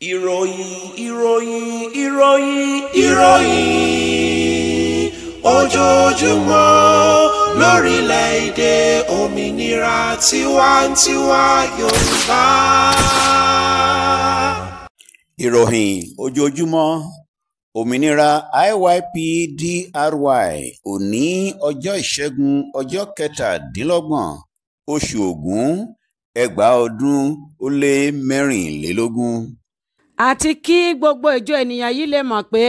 ìròyìn ìròyìn ìròyìn ìròyìn ojoojúmọ́ lórílẹ̀‐èdè òmìnira tiwantiwa yorùbá. ìròyìn ojoojúmọ́ òmìnira IYPDRY òní ọjọ́ ìṣẹ́gun ọjọ́ kẹtàdínlọ́gbọ̀n oṣù ògún ẹgbàá ọdún ó lé mẹ́rìnlélógún àti kí gbogbo ìjọ ènìyàn yìí lè mọ̀ pé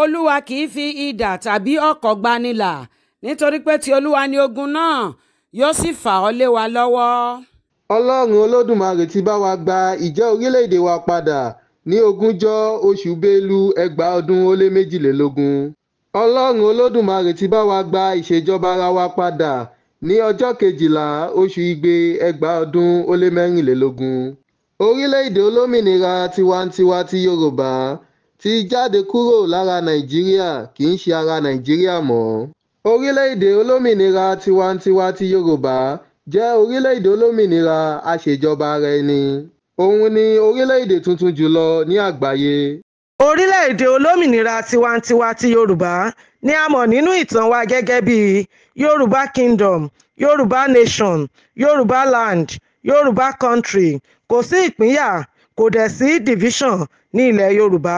olúwa kì í fi idà tàbí ọ̀kọ̀ gbanilà nítorí pé ti olúwa ni ogun náà yóò sì fà ọ́ lé wa lọ́wọ́. ọlọ́run olódùmarè ti bá wa gba ìjẹ́ orílẹ̀-èdè wa padà ní ogúnjọ́ oṣù bélú ẹgbàá ọdún ó lé méjìlélógún. ọlọ́run olódùmarè ti bá wa gba ìṣèjọba ara wa padà ní ọjọ́ kejìlá oṣù igbe ẹgbàá ọdún ó lé mẹ́rìnlélógún orílẹ̀-èdè olómìnira tiwantiwa ti yorùbá ti jáde kúrò lára nàìjíríà kì í ṣe ara nàìjíríà mọ́ orílẹ̀-èdè olómìnira tiwantiwa ti yorùbá jẹ́ orílẹ̀-èdè olómìnira aṣèjọba ara ẹni òun ni orílẹ̀-èdè tuntun jùlọ ní àgbáyé. orílẹ̀-èdè olómìnira tiwantiwa ti yorùbá ni a mọ̀ nínú ìtàn wa gẹ́gẹ́ bí yorùbá kingdom yorùbá nation yorùbá land yorùbá country kò sí ìpínyà kò dẹ̀ sí division ní ilẹ̀ yorùbá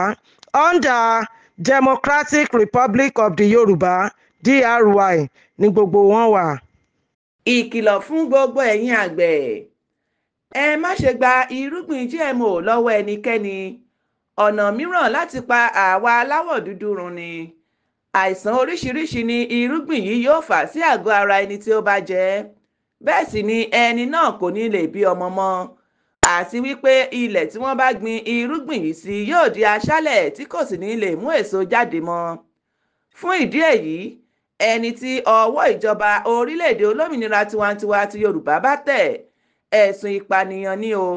under democratic republic of the yorùbá dry ni gbogbo wọn wà. ìkìlọ̀ fún gbogbo ẹ̀yin àgbẹ̀ ẹ má ṣe gba irúgbìn gmo lọ́wọ́ ẹnikẹ́ni ọ̀nà mìíràn láti pa àwa aláwọ̀ dúdú run ni àìsàn oríṣiríṣi ni irúgbìn yìí yóò fà sí àgọ́ ara ẹni tí ó bá jẹ bẹ́ẹ̀ sì ni ẹni náà kò ní lè bí ọmọ mọ́ àti wípé ilẹ̀ tí wọ́n bá gbin irúgbìn yìí sí yóò di aṣálẹ̀ tí kò sì ní lè mú èso jáde mọ́ fún ìdí èyí ẹni tí ọwọ́ ìjọba orílẹ̀-èdè olómìnira tiwantiwa ti Yorùbá bá tẹ̀ ẹ̀sùn ìpànìyàn ni o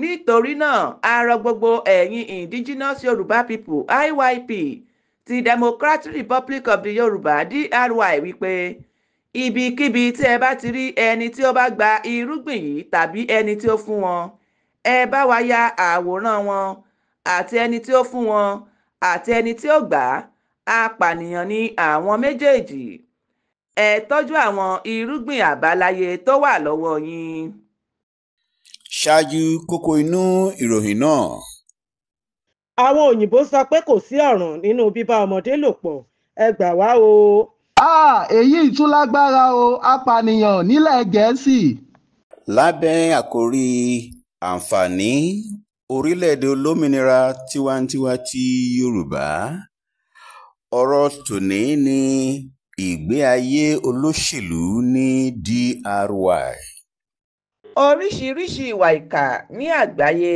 nítorí náà a gbogbo ẹ̀yin indigenous Yorùbá people IYP ti Democratic Republic of the Yorùbá DRY wípé ibikíbi tí ẹ bá ti rí ẹni tí ó bá gba irúgbìn yìí tàbí ẹni tí ó fún wọn ẹ bá wa ya àwòrán wọn àti ẹni tí ó fún wọn àti ẹni tí ó gbà á apànìyàn ni àwọn méjèèjì ẹ tọ́jú àwọn irúgbìn àbáláyé tó wà lọ́wọ́ yín. ṣáájú kókó inú ìròyìn náà. àwọn òyìnbó sọ pé kò sí ọ̀ràn nínú bíbá ọmọdé lò pọ̀ ẹ gbà wá o háà èyí tún lágbára o apànìyàn nílẹ̀ gẹ̀ẹ́sì. lábẹ́ àkòrí àǹfààní orílẹ̀-èdè olómìnira tiwantiwa ti yorùbá ọ̀rọ̀ tòní ni ìgbé ayé olóṣèlú ní DRY. oríṣiríṣi ìwà ìkà ní àgbáyé.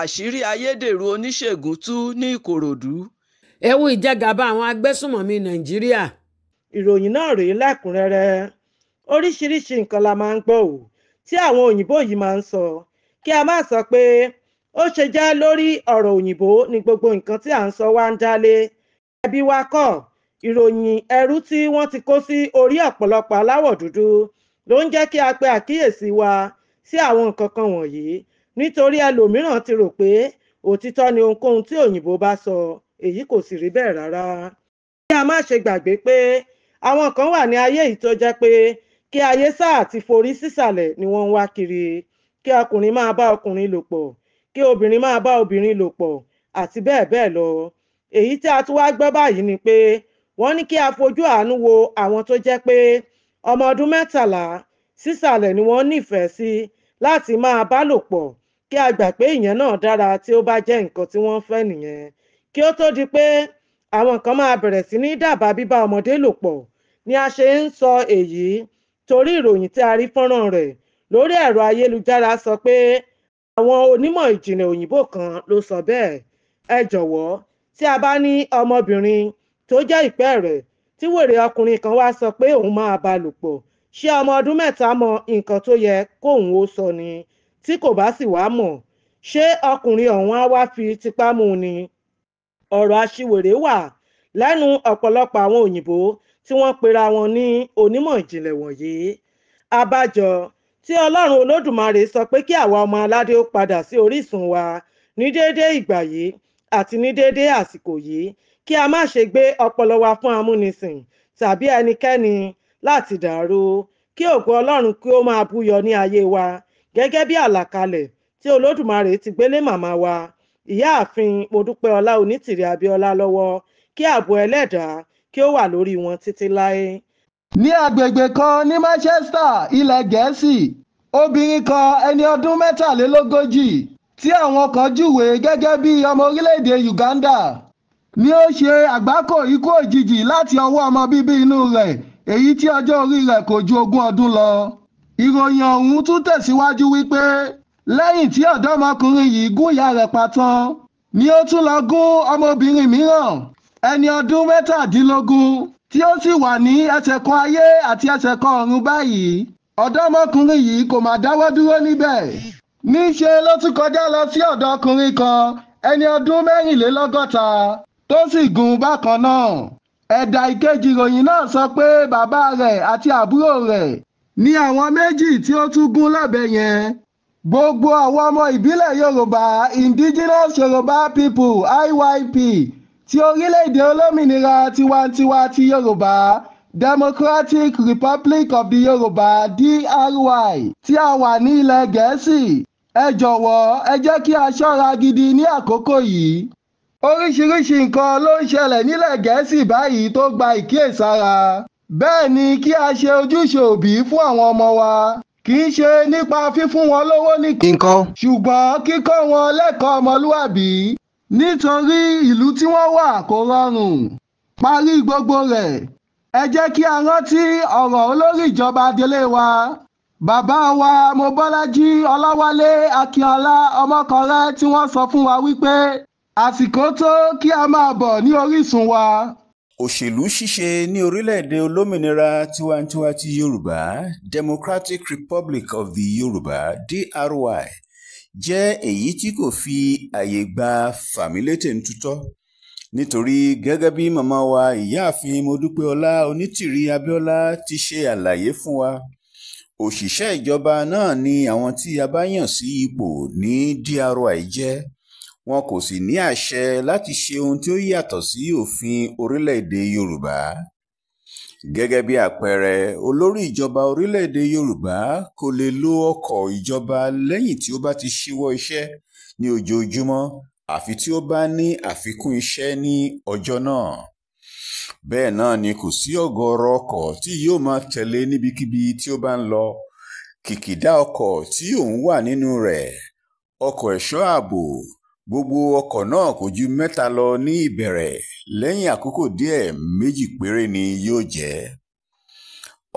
àṣírí ayédèrú oníṣègùn tú ní ìkòròdú. ẹ wo ìjàgàba àwọn agbésùnmọ̀mí nàìjíríà ìròyìn náà rèé lẹ́kùnrẹ́rẹ́ oríṣiríṣi nǹkan la máa ń gbọ́ ò tí àwọn òyìnbó yìí máa ń sọ kí a má sọ pé ó ṣe jẹ́ lórí ọ̀rọ̀ òyìnbó ni gbogbo nǹkan tí à ń sọ wá ń dálé ẹbí wa kọ́ ìròyìn ẹrú tí wọ́n ti kó sí orí ọ̀pọ̀lọpọ̀ aláwọ̀ dúdú ló ń jẹ́ kí a pe àkíyèsí wa sí àwọn nǹkan kan wọ̀nyí nítorí ẹlòmíràn ti rò pé òtítọ́ ni ohunkóhun tí òyìnbó bá sọ èyí kò sì rí bẹ́ẹ̀ rárá kí a má ṣe gbàgbé pé àwọn kan wà ní ayé yìí tó jẹ́ pé kí ayé sáà ti forí sísàlẹ̀ ni wọ́n ń wá kiri kí ọkùnrin máa bá ọkùnrin lò pọ̀ kí obìnrin máa bá obìnrin lò pọ̀ àti bẹ́ẹ̀ bẹ́ẹ̀ lọ èyí tí a tún wá gbọ́ báyìí ni pé wọ́n ní kí a fojú àánú wo àwọn tó jẹ́ pé ọmọ ọdún mẹ́tàlá sísàlẹ̀ ni wọ́n nífẹ̀ẹ́ sí láti máa bá lò pọ̀ kí a gbà pé ìyẹn náà dára tí ó bá jẹ́ nǹkan tí wọ́n fẹ́ nìyẹn kí ó tó di pé àwọn kan máa bẹ̀rẹ̀ sí ní dábàá bíbá ọmọdé lò pọ̀ ni a ṣe ń sọ èyí torí ìròyìn tí a rí fọ́nrán rẹ̀ lórí ẹ̀rọ ayélujára sọ pé àwọn onímọ̀ ìjìnlẹ̀ òyìnbó kan ló sọ bẹ́ẹ̀ ẹ jọ̀wọ́ tí a bá ní ọmọbìnrin tó jẹ́ ìpẹ́ rẹ̀ tí wèrè ọkùnrin kan wá sọ pé òun máa bá lò pọ̀ ṣé ọmọ ọdún mẹ́ta mọ nǹkan tó yẹ kóun ó sọ ni tí kò bá sì wá mọ̀ ṣé ọkùnrin ọ̀hún á wá fi tipá mú ni ọ̀rọ̀ aṣiwèrè wà lẹ́nu ọ̀pọ̀lọpọ̀ àwọn òyìnbó tí wọ́n pera wọn ní onímọ̀ ìjìnlẹ̀ wọ̀nyí abájọ tí ọlọ́run olódùmarè sọ pé kí àwa ọmọ aládé ó padà sí orísun wa ní déédéé ìgbà yìí àti ní déédéé àsìkò yìí kí a má ṣe gbé ọpọlọ wa fún amúnisìn tàbí ẹnikẹ́ni láti dàrú kí ògo ọlọ́run kí ó máa búyọ ní ayé wa gẹ́gẹ́ bí àlàkalẹ̀ tí olódùmarè ti gbélé màmá wa ìyáàfin modúpẹ́ ọlá onítìrí abíọ́lá lọ́wọ́ kí ààbò ẹlẹ́dàá kí ó wà lórí wọn títí láé. ní agbègbè kan ní Manchester ilẹ̀ Gẹ̀ẹ́sì obìnrin kan ẹni ọdún mẹ́tàlélógójì tí àwọn kan júwe gẹ́gẹ́ bí ọmọ orílẹ̀-èdè Uganda ni ó ṣe àgbákò ikú òjijì láti ọwọ́ ọmọ bíbí inú rẹ̀ èyí tí ọjọ́ orí rẹ̀ kò ju ogún ọdún lọ. ìròyìn ọ̀hún tún tẹ̀síwájú wípé lẹ́yìn tí ọ̀dọ́mọkùnrin yìí gún ìyá rẹ̀ pa tán ni ó tún lọ gún ọmọbìnrin mìíràn ẹni ọdún mẹ́tàdínlógún tí ó sì wà ní ẹsẹ̀ kan ayé àti ẹsẹ̀ kan ọ̀run báyìí ọ̀dọ́mọkùnrin yìí kò mà dáwọ́ dúró níbẹ̀ níṣe ló tún kọjá lọ sí ọ̀dọ̀ ọkùnrin kan ẹni ọdún mẹ́rìnlélọ́gọ́ta tó sì gùn bákan náà ẹ̀dà ìkejì ìròyìn náà sọ pé bàbá rẹ̀ àti àbúrò rẹ̀ ní àwọn méjì tí ó tún gún lọ́bẹ̀ yẹn gbogbo àwọn ọmọ ìbílẹ̀ Yorùbá indigenous Yorùbá people IYP ti orílẹ̀-èdè olómìnira tiwantiwa ti Yorùbá Democratic Republic of the Yorùbá (DRY) tí a wà ní ilẹ̀ Gẹ̀ẹ́sì ẹ jọ̀wọ́ ẹ jẹ́ kí a ṣọ́ra gidi ní àkókò yìí. Oríṣiríṣi nǹkan ló ń ṣẹlẹ̀ nílẹ̀ Gẹ̀ẹ́sì báyìí tó gba ìkíyèsára. Bẹ́ẹ̀ ni kí a ṣe ojúṣe òbí fún àwọn ọmọ wa kì í ṣe nípa fífún wọn lówó nìkan ṣùgbọ́n kíkọ́ wọn lẹ́kọ̀ọ́ ọmọlúwàbí nítorí ìlú tí wọ́n wà kò rọrùn parí gbogbo rẹ̀ ẹ jẹ́ kí a rántí ọ̀rọ̀ olórí ìjọba adelé wa bàbá wa mobọ́lájí ọláwálé akínọlá ọmọkọrẹ́ tí wọ́n sọ fún wa wípé àsìkò tó kí a máa bọ̀ ní orísun wa. òṣèlú ṣíṣe ní orílẹ̀-èdè olómìnira tiwantiwa ti yorùbá democratic republic of the yorùbá dry jẹ́ èyí tí kò fi àyè gba fàmílétèntutọ́ nítorí gẹ́gẹ́ bí màmá wa ìyáàfin modúpẹ́ọlá onítìrí abíọ́lá ti ṣe àlàyé fún wa òṣìṣẹ́ ìjọba náà ni àwọn tí a bá yàn sí ipò ní DRY jẹ́ wọn kò sì ní àṣẹ láti ṣe ohun tí ó yàtọ̀ sí òfin orílẹ̀-èdè Yorùbá Gẹ́gẹ́ bí àpẹẹrẹ, olórí ìjọba orílẹ̀-èdè Yorùbá kò lè lo ọkọ̀ ìjọba lẹ́yìn tí ó bá ti ṣíwọ́ iṣẹ́ ní ojoojúmọ́ àfi tí ó bá ní àfikún iṣẹ́ ní ọjọ́ náà. Bẹ́ẹ̀ náà ni kò sí ọ̀gọ̀ọ̀rọ̀ ọkọ̀ tí yóò máa tẹ̀lé níbikíbi tí ó bá ń lọ. Kìkìdá ọkọ̀ tí ò wà nínúu rẹ̀, ọkọ̀ ẹ̀ṣọ́ ààbò gbogbo ọkọ̀ náà kò ju mẹ́ta lọ ní ìbẹ̀rẹ̀ lẹ́yìn àkókò díẹ̀ méjì péré ni yóò jẹ́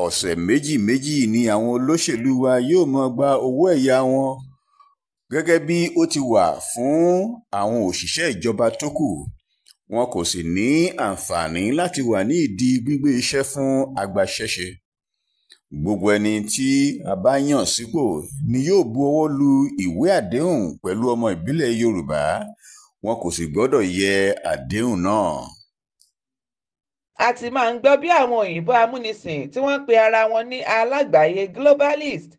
ọ̀sẹ̀ méjì méjì ni àwọn olóṣèlú wa yóò mọ gba owó ẹ̀yà wọn gẹ́gẹ́ bí ó ti wà fún àwọn òṣìṣẹ́ ìjọba tó kù wọn kò sì ní àǹfààní láti wà ní ìdí gbígbé iṣẹ́ fún agbaṣẹ́ṣe gbogbo ẹni tí a bá yàn sípò ni yóò bu ọwọ́ lu ìwé àdéhùn pẹ̀lú ọmọ ìbílẹ̀ yorùbá wọn kò sì gbọ́dọ̀ yẹ àdéhùn náà. a ti máa ń gbọ́ bí àwọn òyìnbó amúnisìn tí wọ́n pe ara wọn ní alágbàáyé globalist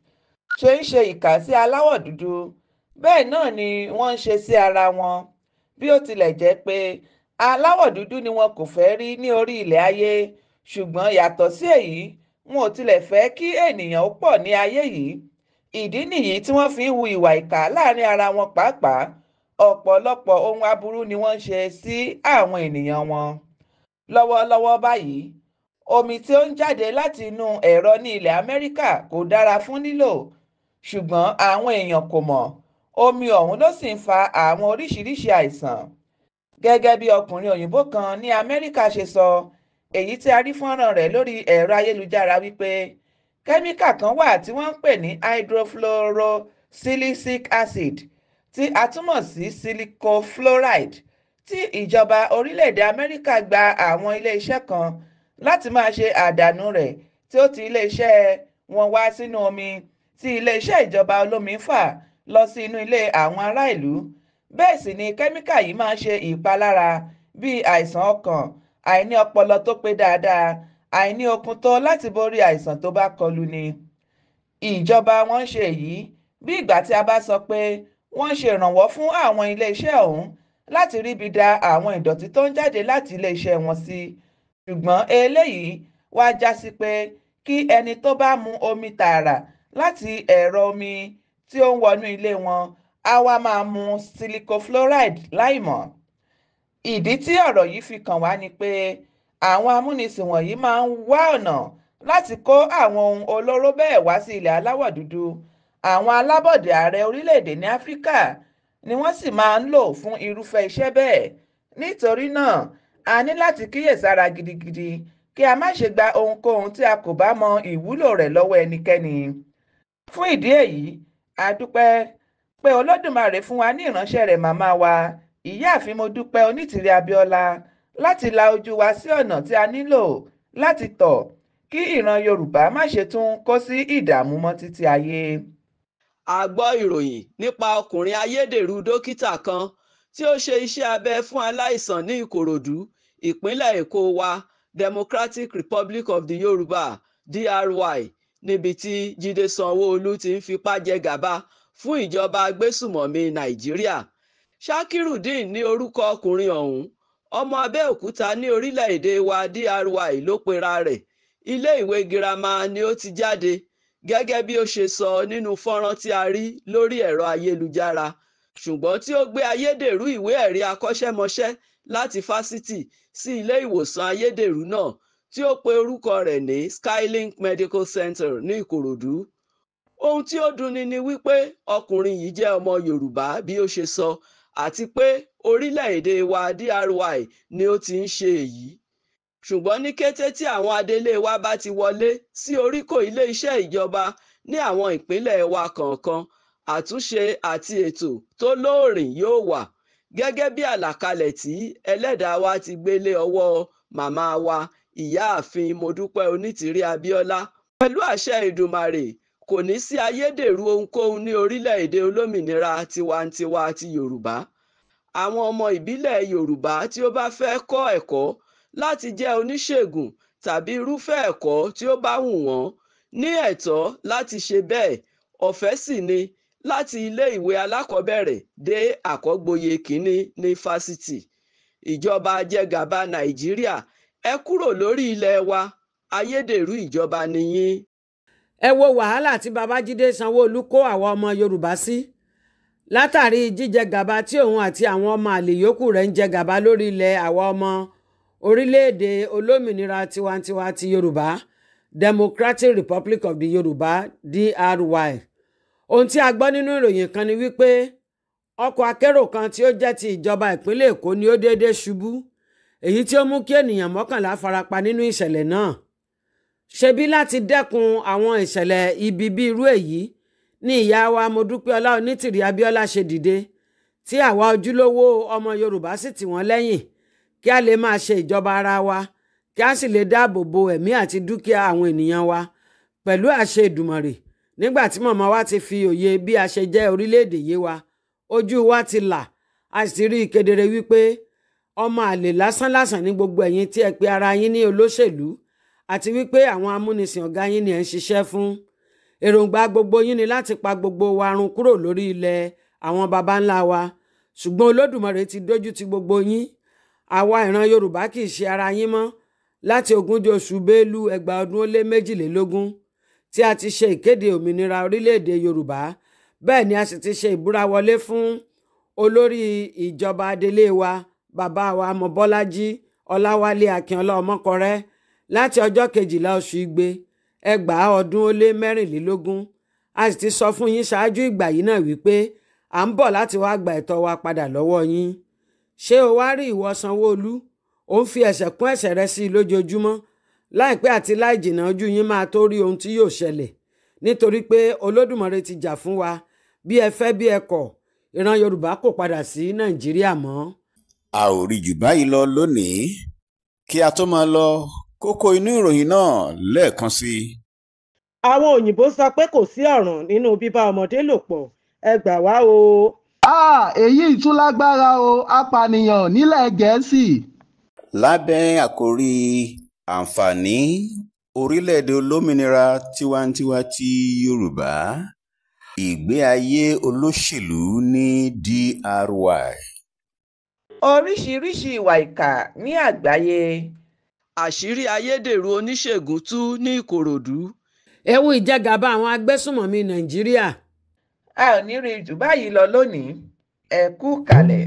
ṣe ń ṣe ìkà sí aláwọ̀ dúdú bẹ́ẹ̀ náà ni wọ́n ń ṣe sí ara wọn bí ó tilẹ̀ jẹ́ pé aláwọ̀ dúdú ni wọn kò fẹ́ rí ní orí ilẹ̀ ayé ṣùgbọ́n yàtọ̀ sí èyí wọn ò tilẹ̀ fẹ́ kí ènìyàn ó pọ̀ ní ayé yìí ìdí nìyí tí wọ́n fi ń hu ìwà ìkà láàrin ara wọn pàápàá ọ̀pọ̀lọpọ̀ ohun aburú ni wọ́n ń ṣe sí àwọn ènìyàn wọn. lọ́wọ́lọ́wọ́ báyìí omi tí ó ń jáde láti inú ẹ̀rọ ní ilẹ̀ amẹ́ríkà kò dára fún lílò ṣùgbọ́n àwọn èèyàn kò mọ̀ omi ọ̀hún ló sì ń fa àwọn oríṣiríṣi àìsàn. gẹ́gẹ́ bí ọkùnrin òyìnbó kan ní amẹ́ríkà ṣe sọ so, èyí tí a rí fọ́nrán rẹ̀ lórí ẹ̀rọ ayélujára wípé kẹ́míkà kan wà tí wọ́n ń pè ní hydrofluorosilicic acid tí a túmọ̀ sí silicofluoride tí ìjọba orílẹ̀-èdè Amẹ́ríkà gba àwọn ilé-iṣẹ́ kan láti máa ṣe àdánù rẹ̀ tí ó ti ilé-iṣẹ́ wọn wá sínú omi tí ilé-iṣẹ́ ìjọba olómi fà lọ sí inú ilé àwọn ará ìlú bẹ́ẹ̀ sì ni kẹ́míkà yìí máa ṣe ìpalára bíi àìsàn ọkàn àìní ọpọlọ tó pé dáadáa àìní okun tó láti borí àìsàn tó bá kọlù ni. ìjọba wọn ń ṣe èyí bí ìgbà tí a bá sọ pé wọ́n ń ṣe ìrànwọ́ fún àwọn iléeṣẹ́ ọ̀hún láti ríbi da àwọn ìdọ̀tí tó ń jáde láti iléeṣẹ́ wọn sí ṣùgbọ́n eléyìí wá já sí pé kí ẹni tó bá mu omi tààrà láti ẹ̀rọ omi tí ó ń wọnú ilé wọn á wá máa mu silicofluoride láìmọ̀ ìdí tí ọ̀rọ̀ yìí fi kàn wá ni pé àwọn amúnisìn wọ̀nyí máa ń wá ọ̀nà láti kó àwọn ohun olóró bẹ́ẹ̀ wá sí ilẹ̀ aláwọ̀ dúdú àwọn alábọ̀dé ààrẹ orílẹ̀-èdè ní áfíríkà ni wọ́n sì máa ń lò fún irúfẹ́ iṣẹ́ bẹ́ẹ̀ nítorí náà a ní láti kíyèsára gidigidi kí a má ṣe gba ohunkóhun tí a kò bá mọ ìwúlò rẹ̀ lọ́wọ́ ẹnikẹ́ni fún ìdí èyí a dúpẹ́ pé olódùmarè fún wa ní ìránṣẹ́ rẹ̀ màmá wa ìyáàfin mọ́dúpẹ́ onítìrí abíọ́lá láti la ojú wa sí ọ̀nà tí a nílò láti tọ̀ kí ìran yorùbá má ṣe tún kó sí ìdààmú mọ́ títí ayé. a gbọ́ ìròyìn nípa ọkùnrin ayédèrú dókítà kan tí ó ṣe iṣẹ́ abẹ fún aláìsàn ní ìkòròdú ìpínlẹ̀ èkó wa democratic republic of the yorùbá dry níbi tí jíde sanwó-olu ti ń fipá jẹ gàba fún ìjọba agbésùmọ̀mí nàìjíríà ṣakirudeen ní orúkọ ọkùnrin ọ̀hún ọmọ abẹ́òkúta ní orílẹ̀-èdè wa DRY ló pera rẹ̀ iléèwé girama ni ó ti jáde gẹ́gẹ́ bí ó ṣe sọ nínú fọ́nrán tí a rí lórí ẹ̀rọ ayélujára ṣùgbọ́n tí ó gbé ayédèrú ìwé ẹ̀rí akọ́ṣẹ́mọṣẹ́ láti fásitì sí ilé ìwòsàn ayédèrú náà tí ó pe orúkọ rẹ̀ ní Skylink Medical Center ní Ìkòròdú ohun tí ó dunni ni wípé ọkùnrin yìí jẹ́ ọmọ Yorùbá bí ó ṣe sọ àti pé orílẹ̀-èdè wa DRY ni ó ti ń ṣe èyí. Ṣùgbọ́n ní kété tí àwọn adelé wa bá ti wọlé sí oríkò ilé-iṣẹ́ ìjọba ní àwọn ìpínlẹ̀ wa kọ̀ọ̀kan, àtúnṣe àti ètò tó lóòrín yóò wà, gẹ́gẹ́ bí àlàkalẹ̀ tí Ẹlẹ́dàá wa ti gbé lé ọwọ́ màmá wa, Ìyáàfin Modúpẹ́ Onítìrí Abíọ́lá, pẹ̀lú àṣẹ Èdùmàrè kò ní sí ayédèrú ohunkóhun ní orílẹ̀-èdè olómìnira tiwantiwa ti yorùbá àwọn ọmọ ìbílẹ̀ yorùbá tí ó bá fẹ́ kọ́ ẹ̀kọ́ láti jẹ́ oníṣègùn tàbí irúfẹ́ ẹ̀kọ́ tí ó bá wù wọ́n ní ẹ̀tọ́ láti ṣe bẹ́ẹ̀ ọ̀fẹ́ sì ni láti ilé-ìwé alákọ̀ọ́bẹ̀rẹ̀ dé àkọ́gboyè kínní ní fásitì ìjọba jẹgàba nàìjíríà ẹ kúrò lórí ilẹ̀ wa ayédèrú ìjọba nìyí ẹ wo wàhálà tí babájídé sanwóolu kó àwa ọmọ yorùbá sí látàrí jíjẹ gàba tí òun àti àwọn ọmọ àlè yòókù rẹ̀ ń jẹ gàba lórí ilẹ̀ àwa ọmọ orílẹ̀-èdè olómìnira tiwantiwa ti yorùbá democratic republic of the yorùbá dry ohun tí a gbọ́ nínú ìròyìn kan ni wípé ọkọ̀ akérò kan tí ó jẹ́ ti ìjọba ìpínlẹ̀ èkó ni ó déédéé ṣubú èyí tí ó mú kí ènìyàn mọ́kànlá farapa nínú ìṣẹ̀lẹ̀ náà ṣebí láti dẹ́kun àwọn ìṣẹ̀lẹ̀ ibi bí irú èyí ni ìyá wa Modúpẹ́ọlá Onítìrí Abíọ́lá ṣe dìde tí àwa ojúlówó ọmọ Yorùbá sì tì wọ́n lẹ́yìn kí a lè máa ṣe ìjọba ara wa kí a sì lè dáàbò bo ẹ̀mí àti dúkìá àwọn ènìyàn wa pẹ̀lú àṣẹ Èdùmàrè nígbà tí màmá wa ti fi òye bí a ṣe jẹ́ orílẹ̀-èdè yé wa ojú wa ti là a sì rí i kedere wípé ọmọ àlè lásánlásán ní gbogbo ẹ̀yin tí ẹ pe ara yín ní olóṣèlú àti wípé àwọn amúnisìn ọ̀gá yín ni ẹ̀ ń ṣiṣẹ́ fún èròǹgbà gbogbo yín ni láti pa gbogbo wa run kúrò lórí ilẹ̀ àwọn baba ńlá wa ṣùgbọ́n olódùmarè ti dójú ti gbogbo yín àwa ìran yorùbá kì í ṣe ara yín mọ́ láti ogúnjọ́ oṣù bélú ẹgbàá ọdún ó lé méjìlélógún tí a ti ṣe ìkéde òmìnira orílẹ̀-èdè yorùbá bẹ́ẹ̀ ni a sì ti ṣe ìbúra wọlé fún olórí ìjọba adelé wa bàbá wa mọ́bọ́lájí ọláwálé akínọlá ọmọkọrẹ́ láti ọjọ́ kejìlá oṣù igbe ẹgbàá ọdún ó lé mẹ́rìnlélógún a sì ti sọ fún yín ṣáájú ìgbà yìí náà wípé à ń bọ̀ láti wá gba ẹ̀tọ́ wa padà lọ́wọ́ yín ṣé o wá rí ìwọ sanwó-olú ò ń fi ẹ̀ṣẹ̀ kún ẹ̀ṣẹ̀ rẹ sí i lójoojúmọ́ láìpẹ́ àti láì jìnnà ojú yín máa tó rí ohun tí yóò ṣẹlẹ̀ nítorí pé olódùmarè ti jà fún wa bí ẹ fẹ́ bí ẹ kọ̀ ìran yorùbá kò padà sí nàìjíríà mọ́. a ò rí jù báyìí lọ lónìí kí a tó máa lọ kókó inú ìròyìn náà lẹ́ẹ̀kan sí i. àwọn òyìnbó sọ pé kò sí ọ̀ràn nínú bíbá ọmọdé lò pọ̀ ẹ gbà wá o. èyí tún lágbára o apànìyàn nílẹ̀ gẹ̀ẹ́sì. lábẹ́ àkòrí àǹfààní orílẹ̀-èdè olómìnira tiwantiwa ti yorùbá ìgbé ayé olóṣèlú ní DRY. oríṣiríṣi ìwà ìkà ní àgbáyé àṣírí ayédèrú oníṣègùn tú ní ìkòròdú. ẹ wo ìjàgàba àwọn agbésùnmọ̀mí nàìjíríà. a ò ní rí jù báyìí lọ lónìí ẹ kú kalẹ̀.